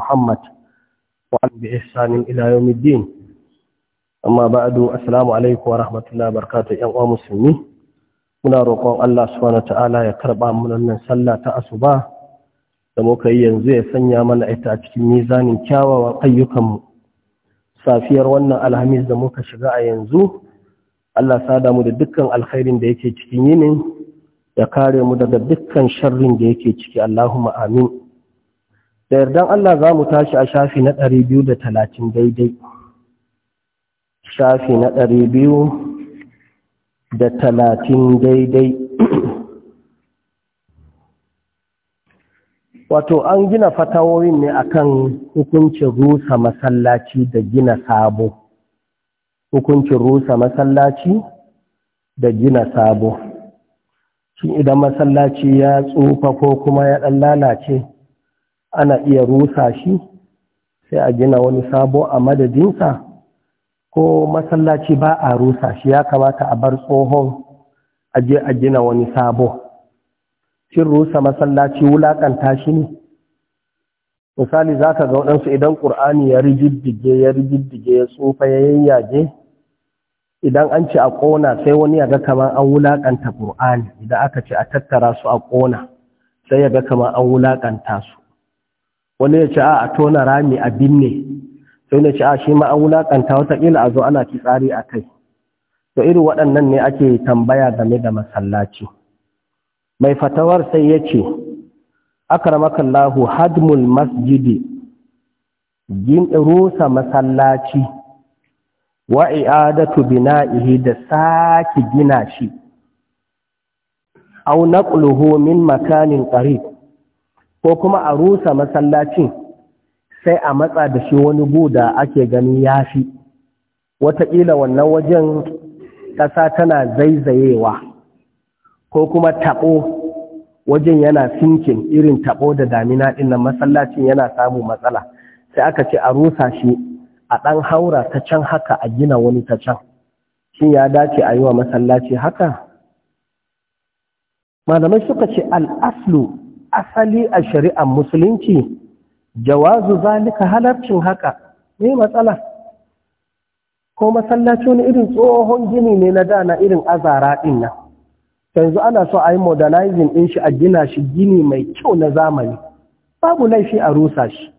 محمد وعن بإحسان إلى يوم الدين أما بعد السلام عليكم ورحمة الله وبركاته يا مسلمين muna roƙon Allah subhanahu ta'ala ya karɓa mana nan sallah ta asuba da muka yi yanzu ya sanya mana ita a cikin mizanin kyawawan ayyukanmu safiyar wannan alhamis da muka shiga a yanzu Allah sada mu da dukkan alkhairin da yake cikin yinin ya kare mu daga dukkan sharrin da yake ciki Allahumma amin da yardan Allah za mu tashi a shafi na ɗari biyu da talatin daidai shafi na ɗari biyu da talatin daidai wato an gina fatawoyin ne akan hukuncin rusa masallaci da gina sabo hukuncin rusa masallaci da gina sabo shi idan masallaci ya tsufa ko kuma ya ɗan lalace ana iya rusa shi sai a gina wani sabo a madadinsa ko masallaci ba a rusa shi ya kamata a bar tsohon aje a gina wani sabo shin rusa masallaci wulaƙanta shi ne misali za ka ga waɗansu idan ƙur'ani ya rigiddige ya rigiddige ya tsufa ya yayyage idan an ce a ƙona sai wani ya ga kamar an wulaƙanta ƙur'ani idan aka ce a tattara su a ƙona sai ya ga kamar an wulaƙanta su wani ya ce a tona rami a binne sai na ce a shi ma an wulaƙanta wataƙila a zo ana fitsari a kai to irin waɗannan ne ake tambaya game da masallaci mai fatawar sai ya ce Lahu, hadmul masjidi rusa masallaci wa bina'ihi da sake gina shi au naqluhu min makanin qarib ko kuma a rusa masallacin sai a matsa da shi wani bu da ake gani ya fi wataƙila wannan wajen ƙasa tana zaizayewa ko kuma taɓo wajen yana sinkin irin taɓo da damina ɗinnan masallacin yana samun matsala sai aka ce a rusa shi a ɗan haura ta can haka a gina wani ta can shin ya dace a yi wa masallaci haka malamai suka ce al'aslu asali a shari'ar musulunci jawazu zalika halarcin haka ne matsala ko masallaci wani irin tsohon gini ne na dana irin azara din nan yanzu ana so a yi modernizing din shi a gina shi gini mai kyau na zamani babu laifi a rusa shi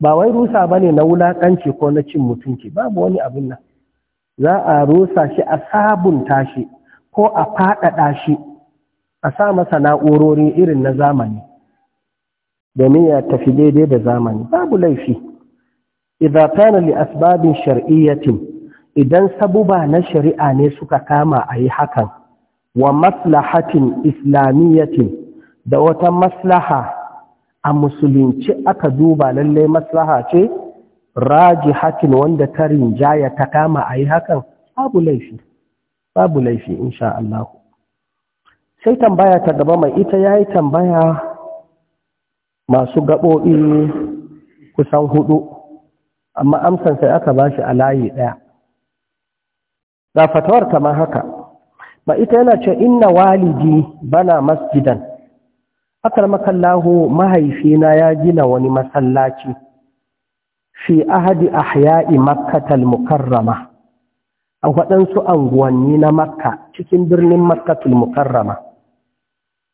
ba wai rusa ba ne na wulaƙanci ko na cin mutunci babu wani abin nan za a rusa shi a sabunta shi ko a faɗaɗa shi a sa masa na'urori irin na zamani domin ya tafi daidai da zamani babu laifi idza kana li asbabin shar'iyyatin idan sabuba na shari'a ne suka kama ayi hakan wa maslahatin islamiyyatin da wata maslaha a musulunci aka duba lallai maslaha ce rajihatin wanda ta rinjaya ta kama ayi hakan babu laifi babu laifi insha Allah sai tambaya ta gaba mai ita ya yi tambaya masu gaɓoɓi kusan hudu amma amsan sai aka ba shi a layi ɗaya ga fatawar ta ma haka ba ita yana ce inna walidi bana masjidan akar makallahu mahaifina ya gina wani masallaci fi ahadi a ahya'i makkatal mukarrama a waɗansu anguwanni na makka cikin birnin makkatul mukarrama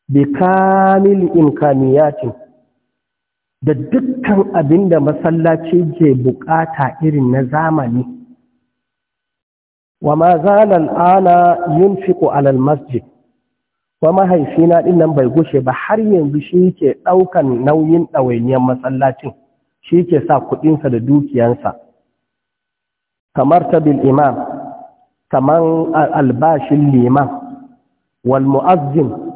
bi kamil imkaniyatin da dukkan abin da masallaci ke bukata irin na zamani wa ma zalal ana yunfiqu alal masjid wa mahaifina din nan bai gushe ba har yanzu shi ke ɗaukan nauyin ɗawainiyar masallacin shi ke sa kuɗinsa da dukiyansa kamar ta bil imam kamar albashin liman wal mu'azzin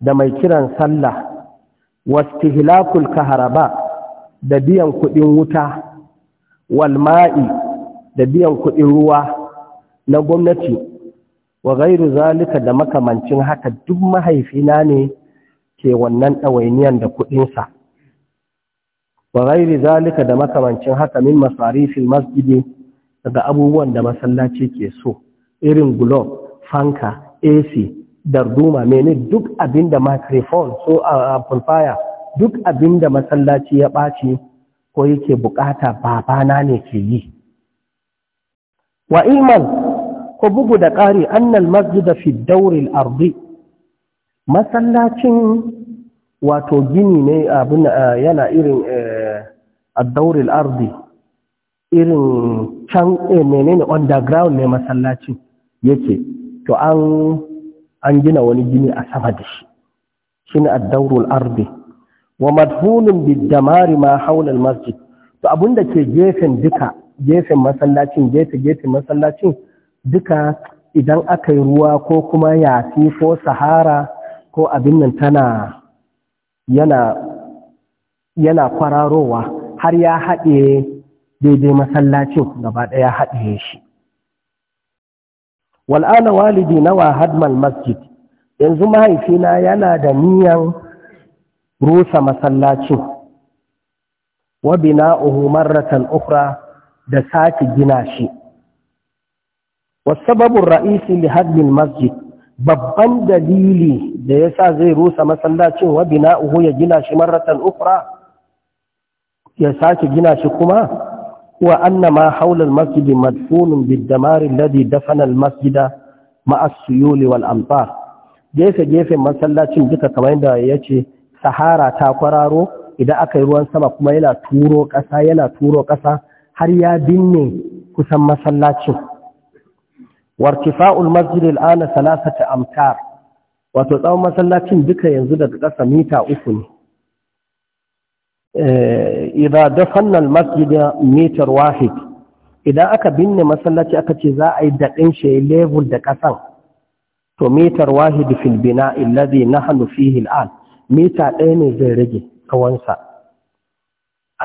da mai kiran sallah wastihlakul kaharaba da biyan kuɗin wuta walma'i da biyan kuɗin ruwa na gwamnati wa gairu zalika da makamancin haka duk mahaifina ne ke wannan ɗawainiyan da kuɗinsa wa gairu zalika da makamancin haka min masarifin masjidi daga abubuwan da masallaci ke so irin gulob fanka ac darduma mene duk abin da microphone so amplifier duk abin da masallaci ya ɓaci ko yake bukata babana ne ke yi wa iman ko bugu da ƙari annal masjida fi dauril ardi masallacin wato gini ne abin yana irin eh, a daurin ardi irin can eh, menene underground ne masallacin yake to an an gina wani gini a sama da shi shi ne addaurul ardi wa madhunun biddamari damari ma hawla masjid to da ke gefen duka gefen masallacin gefe gefen masallacin duka idan aka yi ruwa ko kuma yafi ko sahara ko abin nan tana yana yana kwararowa har ya haɗe daidai masallacin gaba ɗaya haɗe shi wal'ana walidi nawa Hadman masjid yanzu mahaifina yana da niyan rusa masallacin wabina uhu marratan ukra da sake gina shi sababun ra'isi li hadmin masjid babban dalili da yasa zai rusa masallacin wabina uhu ya gina shi marratan ukhra ya sake gina shi kuma هو Annama, Haular حول المسجد مدفون Ladi, الذي دفن المسجد مع السيول والأمطار جيفة جيفة مسلا شنجتا كمان دا sahara ta kwararo idan aka yi ruwan sama kuma yana turo ƙasa yana turo ƙasa har ya binne kusan masallacin wartifa'ul masjid al'ana salasata amtar wato tsawon masallacin duka yanzu daga ƙasa mita uku ne idza dafanna al-masjid mitar wahid idan aka binne masallaci aka ce za a yi daɗin shi level da ƙasan to mitar wahid fil bina na nahnu fihi al mita ɗaya ne zai rage kawansa.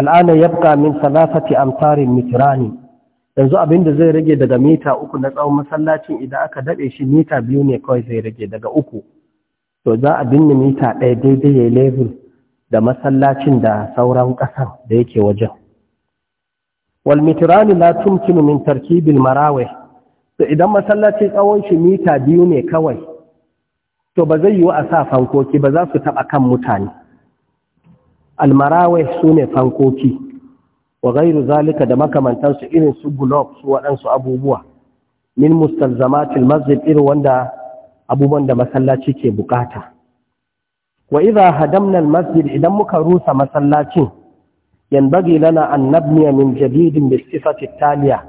tsawonsa ya yabqa min thalathati amtarin mitrani yanzu abin da zai rage daga mita uku na tsawon masallacin idan aka daɗe shi mita biyu ne kawai zai rage daga uku to za a binne mita ɗaya daidai ya level da masallacin da sauran ƙasar da yake wajen wal na la tumkinu min tarkibil marawai, to idan masallacin tsawon shi mita biyu ne kawai to ba zai yiwu a sa fankoki ba za su taɓa kan mutane al su sune fankoki wa gairu zalika da makamantansu irin su gulob su waɗansu abubuwa min mustalzamatil masjid irin wanda abubuwan da masallaci ke bukata wa idha hadamna almasjid idan muka rusa masallacin yanbaghi lana an nabniya min jadidin bi sifati taliya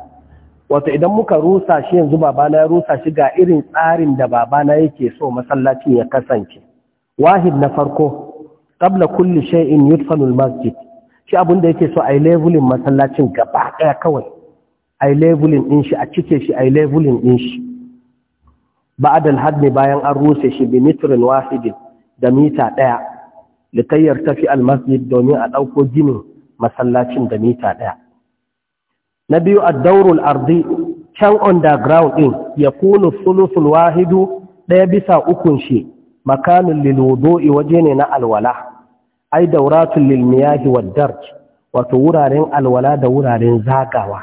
wato idan muka rusa shi yanzu babana ya rusa shi ga irin tsarin da babana yake so masallacin ya kasance wahid na farko qabla kulli shay'in yudfanu almasjid shi abun da yake so ai leveling masallacin gaba daya kawai ai leveling din shi a cike shi ai leveling din shi ba'da alhadmi bayan an rusa shi bi mitrin wahidin da mita ɗaya likayyar tafi almasjid domin a ɗauko ginin masallacin da mita ɗaya na biyu a daurul ardi can underground ɗin ya kunu sulusul wahidu ɗaya bisa ukun shi makanin lilwudu'i waje ne na alwala ai dauratun lilmiyahi wa darj wato wuraren alwala da wuraren zagawa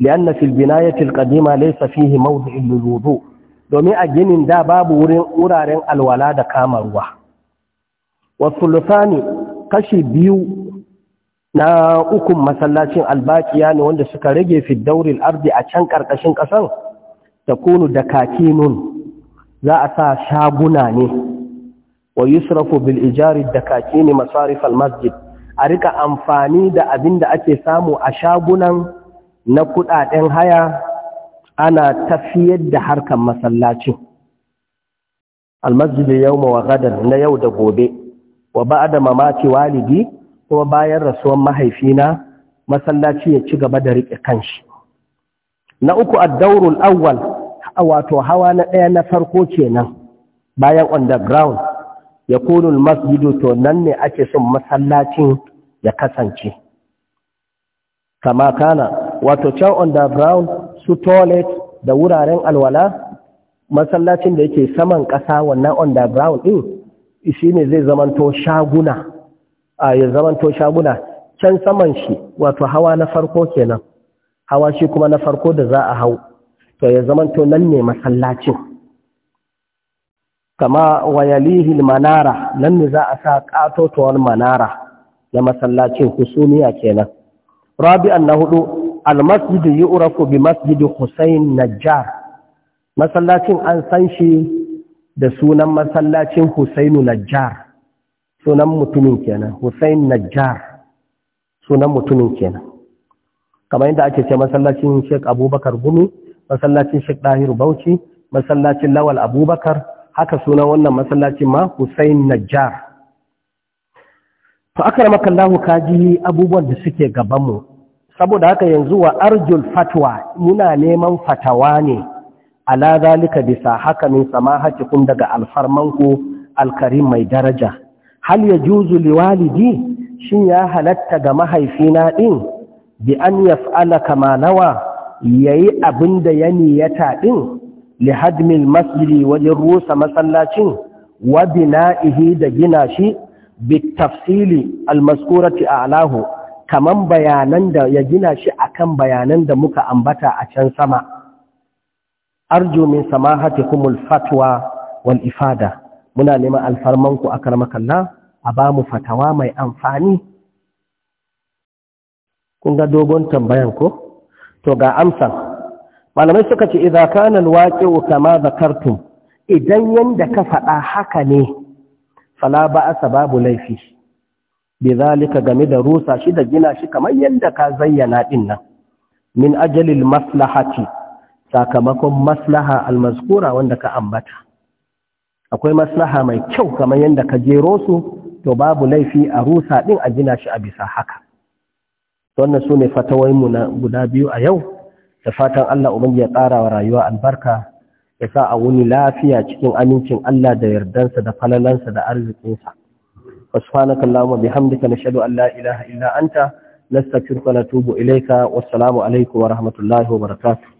li'anna fil binayatil qadima laysa fihi mawdi'un lilwudu' domin a ginin da babu wurin wuraren alwala da kama ruwa wasu Lufani kashi biyu na ukun masallacin albakiya ne wanda suka rage fi daurin a can ƙarƙashin ƙasan? ta kunu da kakinun za a sa shaguna ne wa yusrafu bil ijari da kakini masarif almasjid a rika amfani da abin da ake samu a shagunan na kudaden haya ana tafiyar da harkar masallacin almasjidu yau wa gadar na yau da gobe wa ba da mamaki walidi kuma bayan rasuwan mahaifina masallaci ya ci gaba da riƙe kanshi na uku a addaurul awwal wato hawa na ɗaya na farko kenan bayan underground ya kunul masjidu to nan ne ake son masallacin ya kasance kama kana wato can underground su toilet da wuraren alwala masallacin da yake saman ƙasa wannan underground ɗin shi ne zai zamanto shaguna a ya zamanto shaguna can saman shi wato hawa na farko kenan hawa shi kuma na farko da za a hau to ya zamanto nan ne masallacin kama wayalihil manara nan ne za a sa ƙatotuwar manara na masallacin husumiya kenan rabi'an na hudu almasjidu yu'rafu bi masjidu Hussein Najjar masallacin an san shi da sunan masallacin Husainu Najjar sunan mutumin kenan Hussein Najjar sunan mutumin kenan kamar yadda ake ce masallacin Sheikh Abubakar Gumi masallacin Sheikh Dahir Bauchi masallacin Lawal Abubakar haka sunan wannan masallacin ma Hussein Najjar to aka ramakallahu kaji abubuwan da suke gabanmu saboda haka yanzu wa arjul fatwa muna neman fatawa ne ala zalika bisa haka min hakikun daga alfarmanku alkarim mai daraja hal yajuzu liwalidi shin ya halatta ga mahaifina din bi an yaf'ala kama nawa yayi abinda ya niyata din li hadmil masjidi wajen rusa masallacin wa bina'ihi da gina shi bi tafsili almaskurati a'lahu kaman bayanan da ya gina shi akan bayanan da muka ambata a can sama arju min samahatikumul fatwa wal ifada muna neman alfarmanku a karmakalla a ba mu fatawa mai amfani kun ga dogon tambayan ko to ga amsa malamai suka ce idza kana alwaqi'u kama zakartum idan yanda ka faɗa haka ne fala ba babu laifi bi zalika game da rusa shi da gina shi kamar yadda ka zayyana din nan min ajalil maslahati sakamakon maslaha almazkura wanda ka ambata akwai maslaha mai kyau kamar yadda ka jero su to babu laifi a rusa din a gina shi a bisa haka wannan su ne mu na guda biyu a yau da fatan Allah ubangi ya tsara wa rayuwa albarka ya sa a wuni lafiya cikin amincin Allah da yardansa da falalansa da arzikinsa subhanaka allahumma bihamdika nashhadu an la ilaha illa anta nastaghfiruka wa natubu ilayka wassalamu alaikum wa rahmatullahi wa barakatu.